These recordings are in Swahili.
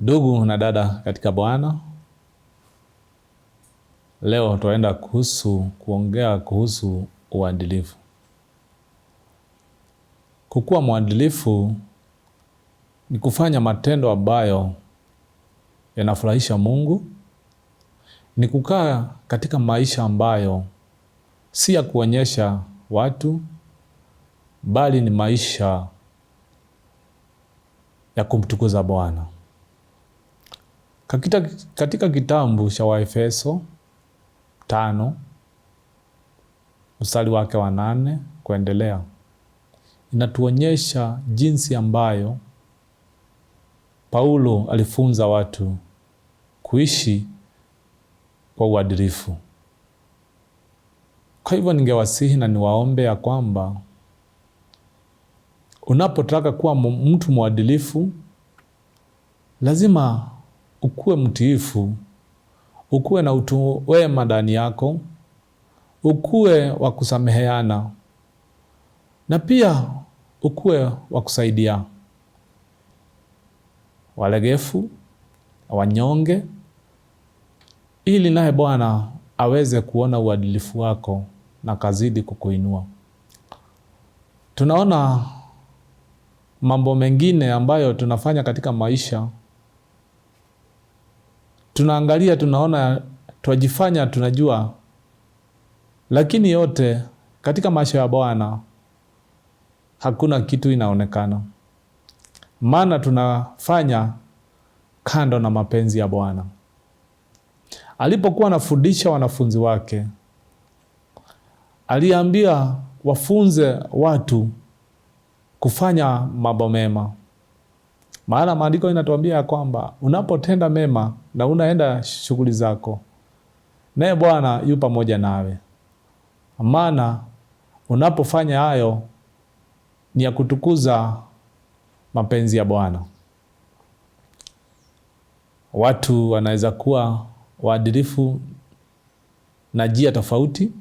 Ndugu na dada katika Bwana, leo tunaenda kuhusu kuongea kuhusu uadilifu. Kukuwa mwadilifu ni kufanya matendo ambayo yanafurahisha Mungu, ni kukaa katika maisha ambayo si ya kuonyesha watu, bali ni maisha ya kumtukuza Bwana. Kakita, katika kitabu cha Waefeso tano mstari wake wa nane kuendelea inatuonyesha jinsi ambayo Paulo alifunza watu kuishi kwa uadilifu. Kwa hivyo ningewasihi na niwaombe ya kwamba unapotaka kuwa mtu mwadilifu lazima ukuwe mtiifu, ukuwe na utu wema ndani yako, ukuwe wa kusameheana na pia ukuwe wa kusaidia walegefu, wanyonge, ili naye Bwana aweze kuona uadilifu wako na kazidi kukuinua. Tunaona mambo mengine ambayo tunafanya katika maisha tunaangalia tunaona, twajifanya tunajua, lakini yote katika maisha ya Bwana hakuna kitu inaonekana, maana tunafanya kando na mapenzi ya Bwana. Alipokuwa anafundisha wanafunzi wake, aliambia wafunze watu kufanya mambo mema, maana maandiko inatuambia ya kwamba unapotenda mema na unaenda shughuli zako, naye Bwana yu pamoja nawe. Maana unapofanya hayo ni ya kutukuza mapenzi ya Bwana. Watu wanaweza kuwa waadilifu na njia tofauti,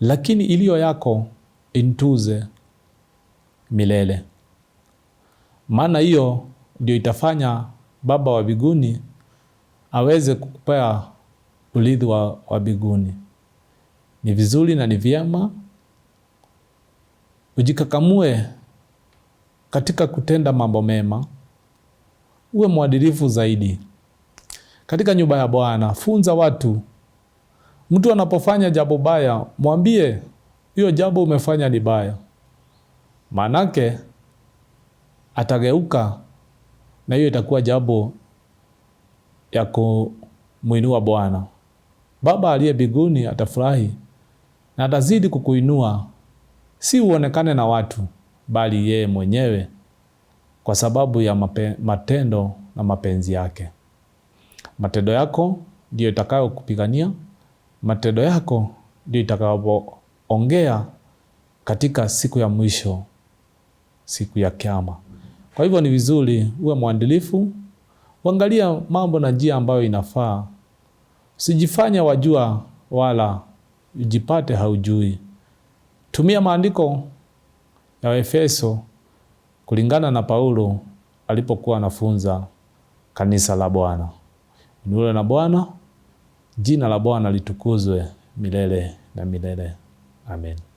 lakini iliyo yako intuze milele, maana hiyo ndio itafanya Baba wa biguni aweze kukupea urithi wa, wa biguni. Ni vizuri na ni vyema ujikakamue katika kutenda mambo mema, uwe mwadilifu zaidi katika nyumba ya Bwana. Funza watu, mtu anapofanya jambo baya, mwambie hiyo jambo umefanya ni baya, maanake atageuka na hiyo itakuwa jambo ya kumwinua Bwana. Baba aliye biguni atafurahi na atazidi kukuinua, si uonekane na watu, bali yeye mwenyewe, kwa sababu ya mape, matendo na mapenzi yake. Matendo yako ndiyo itakayo kupigania, matendo yako ndiyo itakayoongea katika siku ya mwisho, siku ya kiama. Kwa hivyo ni vizuri uwe mwandilifu uangalia mambo na njia ambayo inafaa. Usijifanya wajua wala ujipate haujui. Tumia maandiko ya efeso kulingana na Paulo alipokuwa anafunza kanisa la Bwana. Nuru na Bwana, jina la Bwana litukuzwe milele na milele. Amen.